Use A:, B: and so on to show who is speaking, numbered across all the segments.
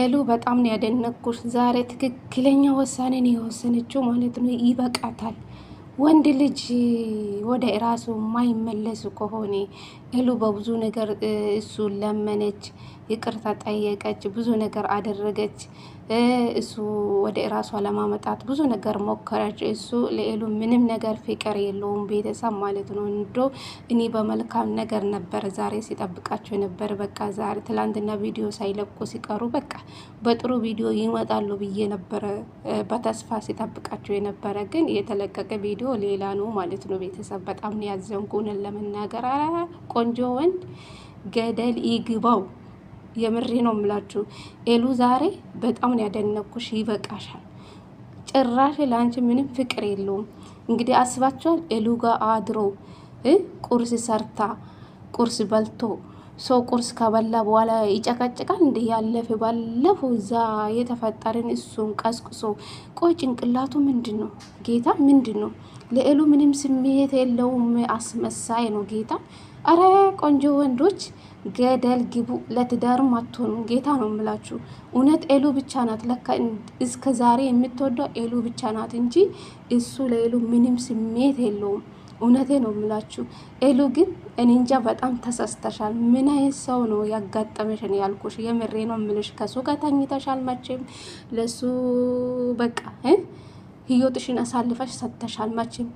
A: ኤሉ በጣም ነው ያደነኩሽ። ዛሬ ትክክለኛ ውሳኔ ነው የወሰነችው ማለት ነው። ይበቃታል። ወንድ ልጅ ወደ ራሱ የማይመለሱ ከሆነ ሄሉ በብዙ ነገር እሱ ለመነች፣ ይቅርታ ጠየቀች፣ ብዙ ነገር አደረገች። እሱ ወደ ራሷ ለማመጣት ብዙ ነገር ሞከረች። እሱ ለሄሉ ምንም ነገር ፍቅር የለውም ቤተሰብ ማለት ነው። እንዶ እኔ በመልካም ነገር ነበር ዛሬ ሲጠብቃቸው ነበር። በቃ ዛሬ ትላንትና ቪዲዮ ሳይለቁ ሲቀሩ በቃ በጥሩ ቪዲዮ ይመጣሉ ብዬ ነበረ በተስፋ ሲጠብቃቸው የነበረ ግን የተለቀቀ ቪዲዮ ሌላ ነው ማለት ነው። ቤተሰብ በጣም ነው ለመናገር ለመናገር ቆንጆ ወንድ ገደል ይግባው። የምሬ ነው የምላችሁ። ኤሉ ዛሬ በጣም ነው ያደነኩሽ። ይበቃሻል። ጭራሽ ለአንቺ ምንም ፍቅር የለውም። እንግዲህ አስባችኋል። ኤሉ ጋ አድሮ ቁርስ ሰርታ ቁርስ በልቶ ሰው ቁርስ ከበላ በኋላ ይጨቀጭቃል። እንደ ያለፈ ባለፈው እዛ የተፈጠረን እሱን ቀስቅሶ ቆይ ጭንቅላቱ ምንድን ነው ጌታ? ምንድን ነው ለኤሉ ምንም ስሜት የለውም። አስመሳይ ነው ጌታ አረ ቆንጆ ወንዶች ገደል ግቡ። ለትዳርም አትሆኑ። ጌታ ነው የምላችሁ። እውነት ኤሉ ብቻ ናት ለካ እስከ ዛሬ የምትወደው ኤሉ ብቻ ናት እንጂ እሱ ለኤሉ ምንም ስሜት የለውም። እውነቴ ነው የምላችሁ። ኤሉ ግን እኔ እንጃ በጣም ተሳስተሻል። ምን አይነት ሰው ነው ያጋጠመሽን? ያልኩሽ የምሬ ነው የምልሽ። ከሱ ጋር ተኝተሻል መቼም ለሱ በቃ ህይወትሽን አሳልፈሽ ሰጥተሻል። መቼም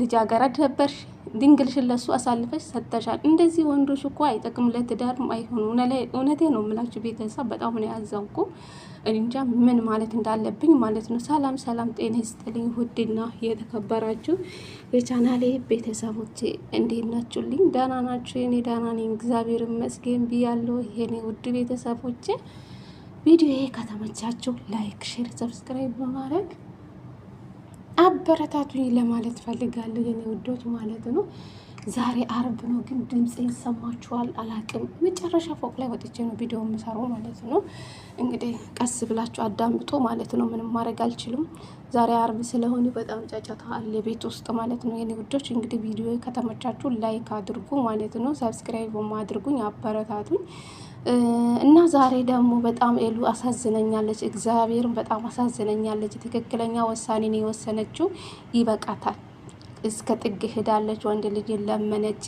A: ልጃገረድ ነበርሽ፣ ድንግልሽን ለሱ አሳልፈሽ ሰጥተሻል። እንደዚህ ወንዶች እኮ አይጠቅም፣ ለትዳርም አይሆኑ። እውነቴ ነው የምላችሁ ቤተሰብ፣ በጣም ነው ያዘው እንጃ ምን ማለት እንዳለብኝ ማለት ነው። ሰላም ሰላም፣ ጤና ይስጥልኝ ውድና የተከበራችሁ የቻናሌ ቤተሰቦች እንዴት ናችሁልኝ? ደህና ናችሁ? የኔ ደህና ነኝ እግዚአብሔር ይመስገን ብያለሁ። የኔ ውድ ቤተሰቦች ቪዲዮ ከተመቻችሁ ላይክ፣ ሼር፣ ሰብስክራይብ በማድረግ አበረታቱኝ ለማለት ፈልጋለሁ የኔ ውዶች ማለት ነው። ዛሬ አርብ ነው፣ ግን ድምፅ ይሰማችኋል አላቅም። መጨረሻ ፎቅ ላይ ወጥቼ ነው ቪዲዮ የምሰራው ማለት ነው። እንግዲህ ቀስ ብላችሁ አዳምጦ ማለት ነው። ምንም ማድረግ አልችልም። ዛሬ አርብ ስለሆነ በጣም ጫጫታ አለ ቤት ውስጥ ማለት ነው። የኔ ውዶች እንግዲህ ቪዲዮ ከተመቻችሁ ላይክ አድርጉ ማለት ነው። ሰብስክራይብ አድርጉኝ፣ አበረታቱኝ። እና ዛሬ ደግሞ በጣም ኤሉ አሳዝነኛለች። እግዚአብሔርን በጣም አሳዝነኛለች። ትክክለኛ ውሳኔን የወሰነችው ይበቃታል። እስከ ጥግ ሄዳለች። ወንድ ልጅ ለመነች።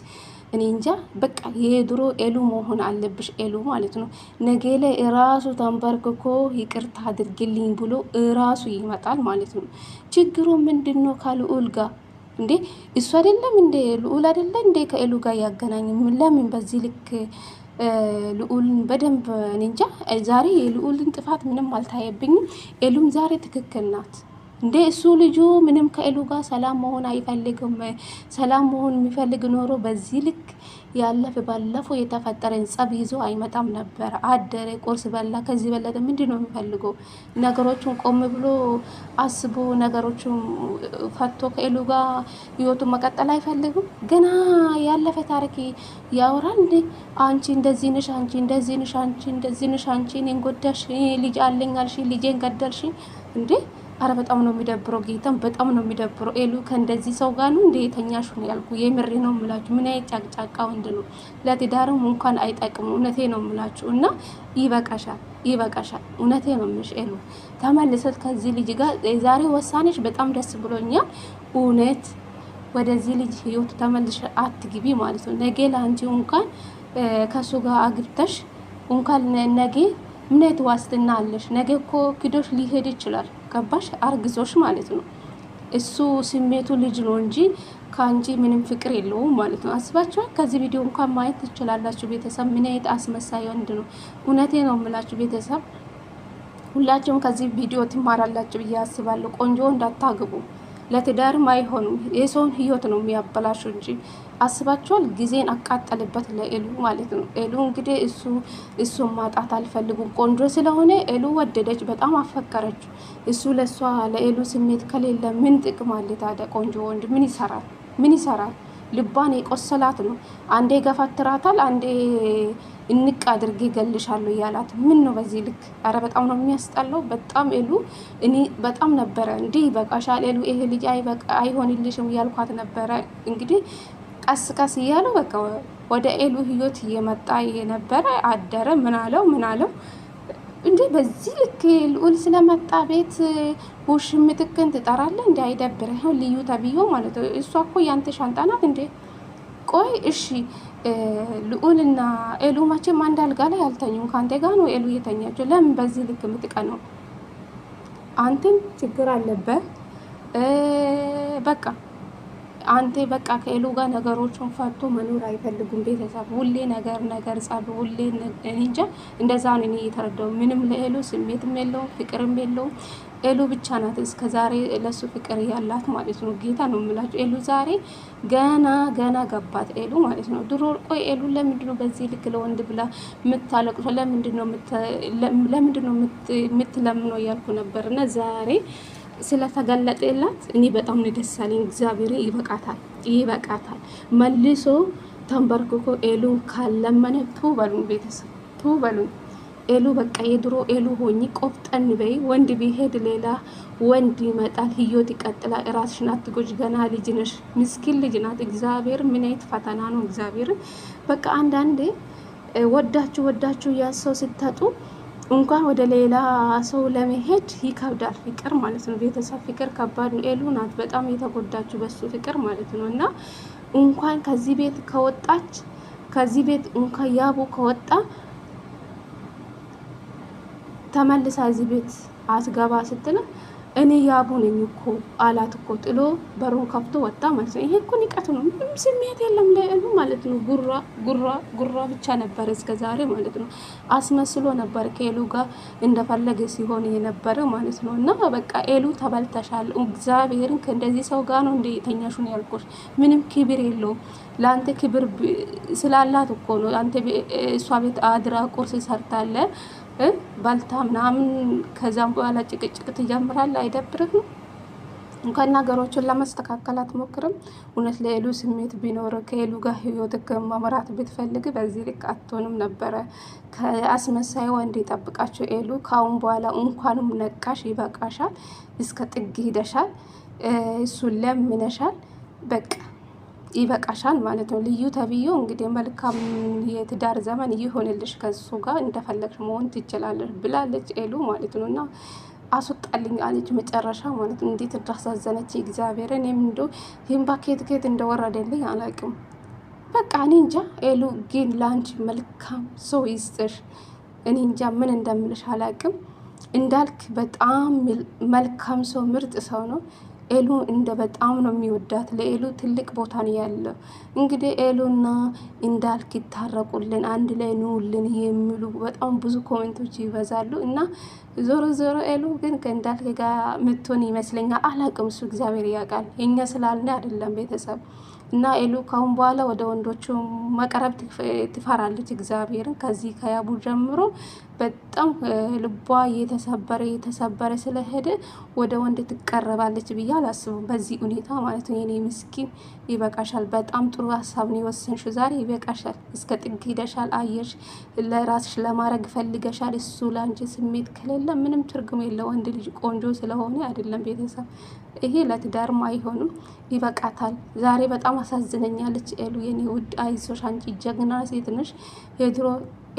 A: እኔ እንጃ በቃ የድሮ ኤሉ መሆን አለብሽ ኤሉ ማለት ነው። ነገ ላይ እራሱ ተንበርክኮ ይቅርታ አድርግልኝ ብሎ እራሱ ይመጣል ማለት ነው። ችግሩ ምንድን ነው? ከልዑል ጋር እንዴ እሱ አይደለም እንዴ ልዑል አይደለም እንዴ ከኤሉ ጋር ያገናኝ ለምን በዚህ ልክ ልዑልን በደንብ እንጃ ዛሬ የልዑልን ጥፋት ምንም አልታየብኝም። ኤሉም ዛሬ ትክክል ናት። እንደ እሱ ልጁ ምንም ከኤሉ ጋር ሰላም መሆን አይፈልግም። ሰላም መሆን የሚፈልግ ኖሮ በዚህ ልክ ያለፈ ባለፈው የተፈጠረን ጸብ ይዞ አይመጣም ነበር። አደረ፣ ቁርስ በላ። ከዚህ በለጠ ምንድን ነው የሚፈልገው? ነገሮቹን ቆም ብሎ አስቦ ነገሮቹን ፈቶ ከኤሉ ጋር ህይወቱን መቀጠል አይፈልግም። ገና ያለፈ ታሪክ ያወራል። እንደ አንቺ እንደዚህ ንሽ፣ አንቺ እንደዚህ ንሽ፣ አንቺ እንደዚህ ንሽ፣ አንቺ እኔን ጎዳሽ፣ ልጅ አለኝ አልሽ፣ ልጄን ገደልሽ እንዴ አረ በጣም ነው የሚደብረው። ጌታም በጣም ነው የሚደብረው። ኤሉ ከእንደዚህ ሰው ጋር ነው እንዴ የተኛሹ ነው ያልኩ። የምሬ ነው የምላችሁ። ምን አይነት ጫቅጫቃ ወንድ ነው። ለትዳርም እንኳን አይጠቅሙ። እውነቴ ነው የምላችሁ እና ይበቃሻል፣ ይበቃሻል። እውነቴ ነው ምሽ ኤሉ ተመልሰት ከዚህ ልጅ ጋር የዛሬ ወሳኔሽ በጣም ደስ ብሎኛል እውነት ወደዚህ ልጅ ህይወቱ ተመልሽ አትግቢ ማለት ነው። ነገ ለአንቺ እንኳን ከሱ ጋር አግብተሽ እንኳን ነገ ምን አይነት ዋስትና አለሽ? ነገ እኮ ክዶሽ ሊሄድ ይችላል። ገባሽ? አርግዞሽ ማለት ነው። እሱ ስሜቱ ልጅ ነው እንጂ ከአንቺ ምንም ፍቅር የለውም ማለት ነው። አስባችኋል? ከዚህ ቪዲዮ እንኳን ማየት ትችላላችሁ። ቤተሰብ ምን አይነት አስመሳይ ወንድ ነው! እውነቴ ነው የምላችሁ ቤተሰብ፣ ሁላችሁም ከዚህ ቪዲዮ ትማራላችሁ ብዬ አስባለሁ። ቆንጆ እንዳታግቡ፣ ለትዳርም አይሆኑም። የሰውን ህይወት ነው የሚያበላሹ እንጂ አስባቸዋል። ጊዜን አቃጠልበት ለኤሉ ማለት ነው። ኤሉ እንግዲህ እሱ እሱን ማጣት አልፈልጉም። ቆንጆ ስለሆነ ኤሉ ወደደች፣ በጣም አፈቀረችው። እሱ ለእሷ ለኤሉ ስሜት ከሌለ ምን ጥቅም አለ ታዲያ? ቆንጆ ወንድ ምን ይሰራል? ምን ይሰራል? ልባን የቆሰላት ነው። አንዴ ገፈትራታል፣ አንዴ እንቅ አድርጌ ገልሻለሁ እያላት ምን ነው በዚህ ልክ? አረ በጣም ነው የሚያስጠላው። በጣም ኤሉ እኔ በጣም ነበረ እንዲህ በቃሻል ኤሉ፣ ይሄ ልጅ አይሆንልሽም እያልኳት ነበረ እንግዲህ ቀስ ቀስ እያለ በቃ ወደ ኤሉ ህይወት እየመጣ የነበረ አደረ። ምን አለው ምን አለው እንዴ በዚህ ልክ ልዑል ስለመጣ ቤት ውሽ ምትክን ትጠራለ እንዲ አይደብርህም? ልዩ ተብዮ ማለት ነው። እሷ እኮ ያንተ ሻንጣ ናት እንዴ? ቆይ እሺ ልዑልና ኤሉ መቼም አንድ አልጋ ላይ አልተኙም። ከአንተ ጋር ነው ኤሉ የተኛቸው። ለምን በዚህ ልክ ምትቀ ነው? አንተም ችግር አለበት በቃ አንተ በቃ ከሄሉ ጋር ነገሮችን ፈቶ መኖር አይፈልጉም። ቤተሰብ ሁሌ ነገር ነገር ጸብ፣ ሁሌ እንጃ እንደዛ ነው እኔ የተረዳው። ምንም ለሄሉ ስሜትም የለውም ፍቅርም የለውም። ሄሉ ብቻ ናት እስከ ዛሬ ለሱ ፍቅር ያላት ማለት ነው። ጌታ ነው የምላቸው። ሄሉ ዛሬ ገና ገና ገባት ሄሉ ማለት ነው። ድሮ ቆይ ሄሉ ለምንድን ነው በዚህ ልክ ለወንድ ብላ የምታለቅሶ? ለምንድን ነው የምትለምነው እያልኩ ነበር እና ዛሬ ስለተገለጠላት እኔ በጣም ነው ደስ ያለኝ። እግዚአብሔር ይበቃታል፣ ይበቃታል። መልሶ ተንበርክኮ ኤሉን ካለመነ ቱ በሉን፣ ቤተሰብ ቱ በሉን። ኤሉ በቃ የድሮ ኤሉ ሆኚ፣ ቆፍጠን በይ። ወንድ ቢሄድ ሌላ ወንድ ይመጣል፣ ህይወት ይቀጥላል። ራስሽን አትጎጂ፣ ገና ልጅ ነሽ። ምስኪን ልጅ ናት። እግዚአብሔር ምን አይነት ፈተና ነው! እግዚአብሔር በቃ አንዳንዴ ወዳችሁ ወዳችሁ ያሰው ስታጡ እንኳን ወደ ሌላ ሰው ለመሄድ ይከብዳል። ፍቅር ማለት ነው ቤተሰብ ፍቅር ከባድ ነው። ኤሉ ናት በጣም የተጎዳችው በሱ ፍቅር ማለት ነው። እና እንኳን ከዚህ ቤት ከወጣች ከዚህ ቤት እንኳን ያቡ ከወጣ ተመልሳ እዚህ ቤት አትገባ ስትል እኔ ያቡ ነኝ እኮ አላት እኮ ጥሎ በሩን ከፍቶ ወጣ ማለት ነው። ይሄ እኮ ንቀት ነው። ምንም ስሜት የለም ለእሉ ማለት ነው። ጉራ ጉራ ጉራ ብቻ ነበረ እስከ ዛሬ ማለት ነው። አስመስሎ ነበር ከኤሉ ጋር እንደፈለገ ሲሆን የነበረ ማለት ነው። እና በቃ ኤሉ ተበልተሻል። እግዚአብሔርን ከእንደዚህ ሰው ጋር ነው እንደተኛሹን ያልኮች ምንም ክብር የለውም ለአንተ ክብር ስላላት እኮ ነው አንተ እሷ ቤት አድራ ቁርስ ሰርታለ ባልታ ምናምን ከዛም በኋላ ጭቅጭቅ ትጀምራል። አይደብርህም? እንኳን ነገሮችን ለመስተካከል አትሞክርም። እውነት ለኤሉ ስሜት ቢኖር ከኤሉ ጋር ህይወት መምራት ብትፈልግ በዚህ ልክ አትሆንም ነበረ። ከአስመሳይ ወንድ ይጠብቃቸው ኤሉ። ከአሁን በኋላ እንኳንም ነቃሽ፣ ይበቃሻል። እስከ ጥግ ሂደሻል፣ እሱን ለምነሻል። በቃ ይበቃሻል ማለት ነው። ልዩ ተብዬ እንግዲህ መልካም የትዳር ዘመን ይሆንልሽ ከሱ ጋር እንደፈለግሽ መሆን ትችላለች ብላለች ኤሉ ማለት ነው እና አስወጣልኝ አለች መጨረሻ ማለት እንዴት እንዳሳዘነች እግዚአብሔርን የምንዶ ይህም ባኬት ኬት እንደወረደልኝ አላውቅም። በቃ እኔ እንጃ ኤሉ ግን ለአንቺ መልካም ሰው ይስጥሽ። እኔ እንጃ ምን እንደምልሽ አላውቅም። እንዳልክ በጣም መልካም ሰው ምርጥ ሰው ነው። ኤሉ እንደ በጣም ነው የሚወዳት። ለኤሉ ትልቅ ቦታ ነው ያለው። እንግዲህ ኤሉና እንዳልክ ይታረቁልን፣ አንድ ላይ ንውልን የሚሉ በጣም ብዙ ኮሜንቶች ይበዛሉ እና ዞሮ ዞሮ ኤሉ ግን ከእንዳልክ ጋር ምትሆን ይመስለኛል። አላቅም እሱ እግዚአብሔር ያውቃል። የኛ ስላልን አይደለም ቤተሰብ እና ኤሉ ካሁን በኋላ ወደ ወንዶቹ መቅረብ ትፈራለች። እግዚአብሔርን ከዚህ ከያቡ ጀምሮ በጣም ልቧ እየተሰበረ እየተሰበረ ስለሄደ ወደ ወንድ ትቀረባለች ብዬ አላስቡም። በዚህ ሁኔታ ማለት ነው። የኔ ምስኪን ይበቃሻል። በጣም ጥሩ ሀሳብ ነው የወሰንሽው ዛሬ። ይበቃሻል። እስከ ጥግ ሂደሻል። አየሽ፣ ለራስሽ ለማድረግ ፈልገሻል። እሱ ለአንቺ ስሜት ከሌለ ምንም ትርጉም የለ። ወንድ ልጅ ቆንጆ ስለሆነ አይደለም ቤተሰብ፣ ይሄ ለትዳርም አይሆንም። ይበቃታል። ዛሬ በጣም አሳዝነኛለች። ኤሉ የኔ ውድ አይዞሽ፣ አንቺ ጀግና ሴት ነሽ። የድሮ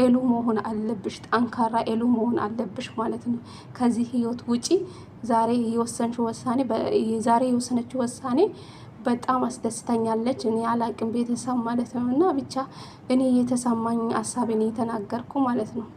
A: ኤሉ መሆን አለብሽ፣ ጠንካራ ኤሉ መሆን አለብሽ ማለት ነው። ከዚህ ህይወት ውጪ ዛሬ የወሰንሽው ወሳኔ ዛሬ የወሰነችው ወሳኔ በጣም አስደስተኛለች። እኔ አላቅም ቤተሰብ ማለት ነው እና ብቻ እኔ የተሰማኝ ሀሳብ እኔ የተናገርኩ ማለት ነው።